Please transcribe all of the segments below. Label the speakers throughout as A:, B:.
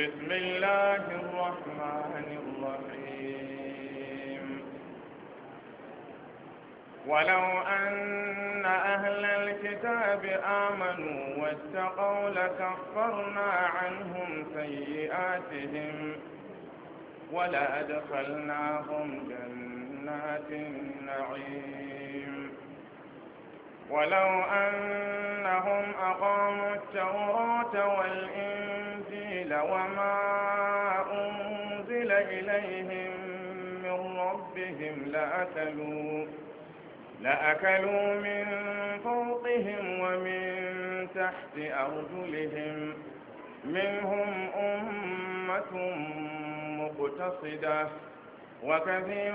A: بسم الله الرحمن الرحيم ولو أن أهل الكتاب آمنوا واتقوا لكفرنا عنهم سيئاتهم ولأدخلناهم جنات النعيم ولو أنهم أقاموا التوراة والإنجيل وما أنزل إليهم من ربهم لأكلوا لأكلوا من فوقهم ومن تحت أرجلهم منهم أمة مقتصدة وكثير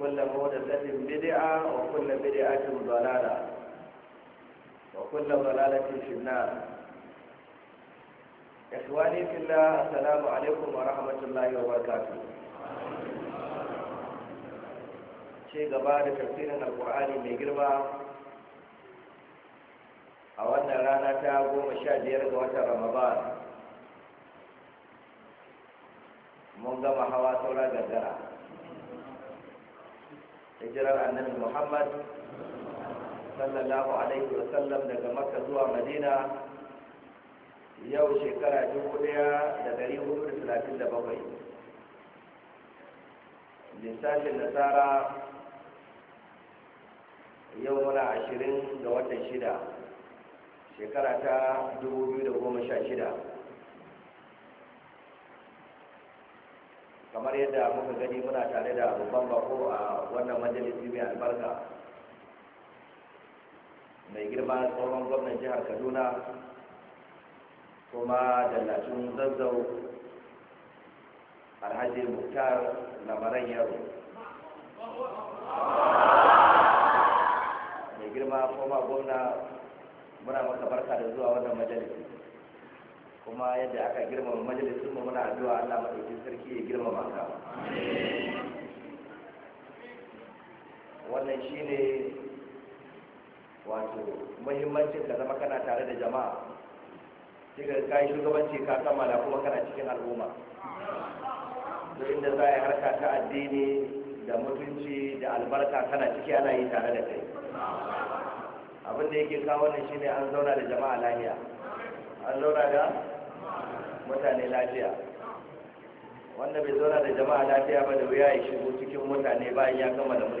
B: وكل مودثة بدعة وكل بدعة ضلالة وكل ضلالة في النار إخواني في الله السلام عليكم ورحمة الله وبركاته شيء غبار تفسير القرآن من جرمه a wannan rana ta goma sha biyar ga watan ramadan hijirar annabi muhammad sallallahu alaihi wasallam daga makka zuwa madina yau shekara dubu daya da dari hudu da talatin da bakwai lissafin nasara yau muna ashirin ga watan shida shekara ta dubu biyu da goma sha shida kamar yadda muka gani muna tare da babban bako a wannan majalisi mai albarka mai girma tsohon gwamnan jihar kaduna kuma dallacin zazzau alhaji muktar lamaran yaro mai girma kuma gwamna muna maka barka da zuwa wannan majalisi kuma yadda aka girmama majalisun mu muna addu'a Allah madaukakin sarki ya girmama ka wannan shine wato muhimmancin ka zama kana tare da jama'a kiga kai shugabanci ka da kuma kana cikin al'umma to inda za a yi harka ta addini da mutunci da albarka kana ciki ana yi tare da kai abin da yake kawo wannan shine an zauna da jama'a lahiya an zauna da mutane lafiya
A: wanda bai zauna da jama'a lafiya ba da wuya ya shigo cikin mutane bayan ya gama da